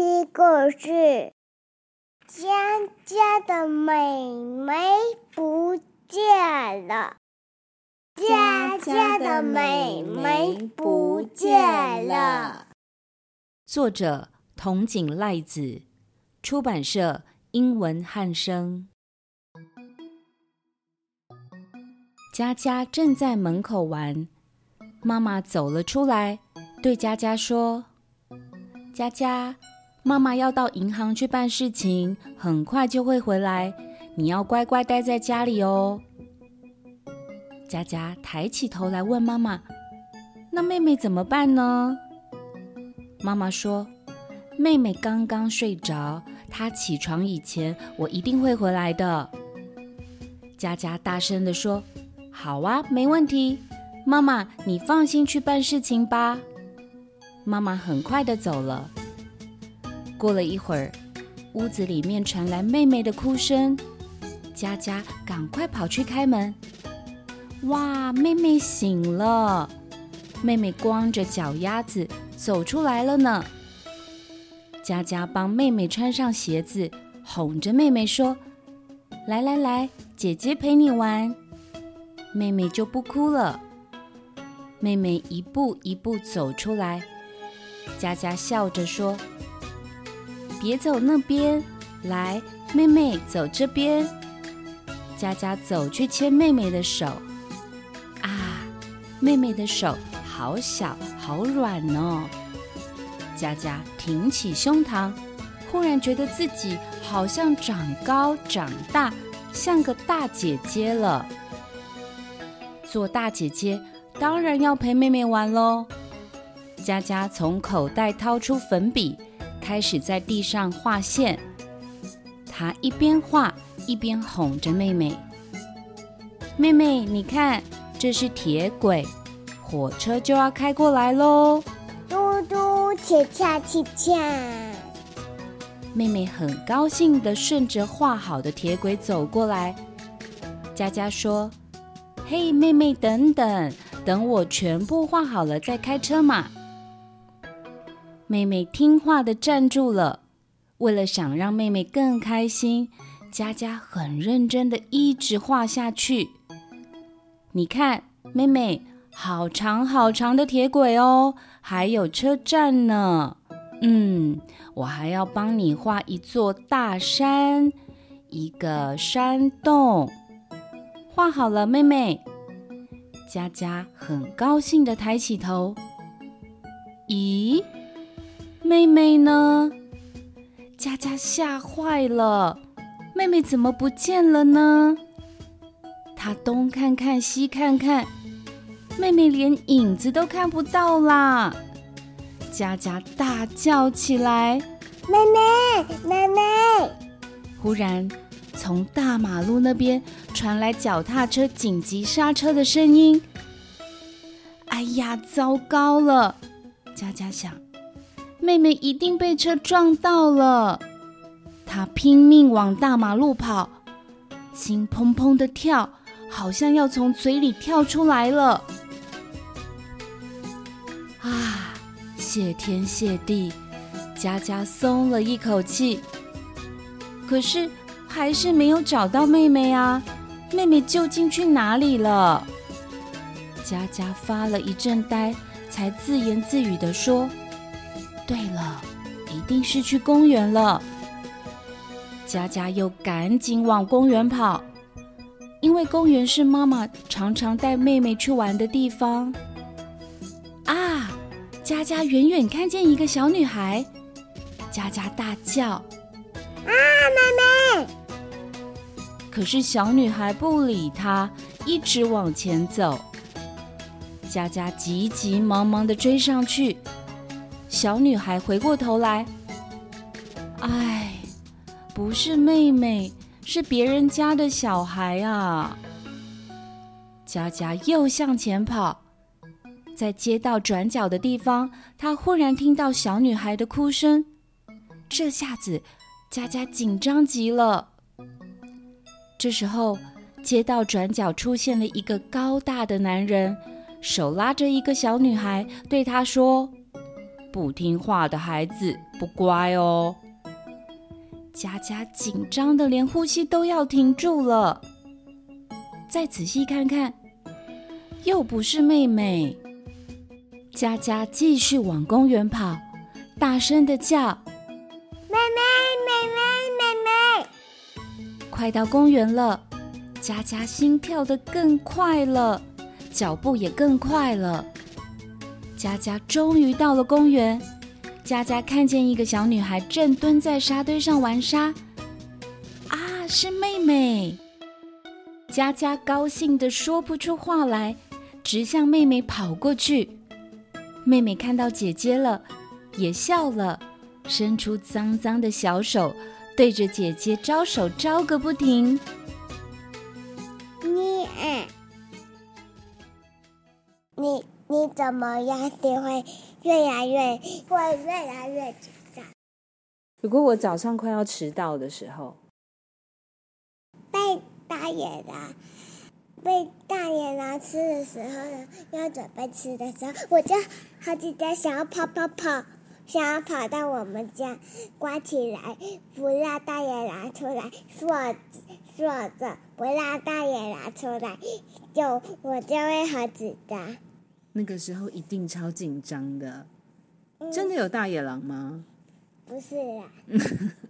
一個是佳佳的妹妹不見了，佳佳的妹妹不見了。作者：筒井賴子，出版社：英文漢聲。佳佳正在門口玩，媽媽走了出來，對佳佳說：“佳佳。”媽媽要到銀行去辦事情，很快就會回來。你要乖乖待在家裡哦。佳佳抬起頭來問媽媽：“那妹妹怎麼辦呢？”媽媽說：“妹妹剛剛睡着，她起床以前，我一定會回來的。”佳佳大聲的說：“好啊，沒問題，媽媽，你放心去辦事情吧。”媽媽很快的走了。過了一會兒，屋子裡面傳來妹妹的哭聲，佳佳趕快跑去開門。哇，妹妹醒了！妹妹光着腳丫子走出來了呢。佳佳幫妹妹穿上鞋子，哄着妹妹說：“來來來，姐姐陪你玩。”妹妹就不哭了。妹妹一步一步走出來，佳佳笑着說。別走那邊，來，妹妹走這邊。佳佳走去牽妹妹的手，啊，妹妹的手好小，好軟哦。佳佳挺起胸膛，忽然覺得自己好像長高長大，像個大姐姐了。做大姐姐當然要陪妹妹玩咯。佳佳從口袋掏出粉筆。開始在地上畫線，她一邊畫一邊哄着妹妹：“妹妹，你看，這是鐵軌，火車就要開過來嘍！”嘟嘟，鐵恰，鐵恰。妹妹很高興地順着畫好的鐵軌走過來。佳佳說：“嘿，妹妹，等等，等我全部畫好了再開車嘛。”妹妹聽話的站住了。為了想讓妹妹更開心，佳佳很認真的一直畫下去。你看，妹妹，好長好長的鐵軌哦，還有車站呢。嗯，我還要幫你畫一座大山，一個山洞。畫好了，妹妹。佳佳很高興地抬起頭。咦？妹妹呢？佳佳嚇壞了，妹妹怎麼不見了呢？她東看看西看看，妹妹連影子都看不到啦！佳佳大叫起來：“妹妹，妹妹！”忽然，從大馬路那邊傳來腳踏車緊急剎車的聲音。哎呀，糟糕了！佳佳想。妹妹一定被車撞到了，她拼命往大馬路跑，心砰砰地跳，好像要從嘴裡跳出來了。啊，謝天謝地，佳佳鬆了一口氣。可是還是沒有找到妹妹啊，妹妹究竟去哪裡了？佳佳發了一陣呆，才自言自語地說。對了，一定是去公園了。佳佳又趕緊往公園跑，因為公園是媽媽常常帶妹妹去玩的地方。啊！佳佳遠遠看見一個小女孩，佳佳大叫：“啊，妹妹！”可是小女孩不理她，一直往前走。佳佳急急忙忙地追上去。小女孩回過頭來，哎，不是妹妹，是別人家的小孩啊。佳佳又向前跑，在街道轉角的地方，她忽然聽到小女孩的哭聲。這下子，佳佳緊張極了。這時候，街道轉角出現了一個高大的男人，手拉着一個小女孩，對她說。不聽話的孩子不乖哦！佳佳緊張得連呼吸都要停住了。再仔細看看，又不是妹妹。佳佳繼續往公園跑，大聲地叫：“妹妹，妹妹，妹妹！”快到公園了，佳佳心跳得更快了，腳步也更快了。佳佳終於到了公園，佳佳看見一個小女孩正蹲在沙堆上玩沙，啊，是妹妹！佳佳高興得說不出話來，直向妹妹跑過去。妹妹看到姐姐了，也笑了，伸出髒髒的小手，對着姐姐招手招個不停。你啊，你。你怎麼樣子會越來越會越來越緊張？如果我早上快要遲到的時候，被大野狼被大野狼吃的時候呢？要準備吃的時候，我就好緊張，想要跑跑跑，想要跑到我們家關起來，不讓大野狼出來，鎖鎖着，不讓大野狼出來，就我就會好緊張。那個時候一定超緊張的，嗯，真的有大野狼嗎？不是啦啊。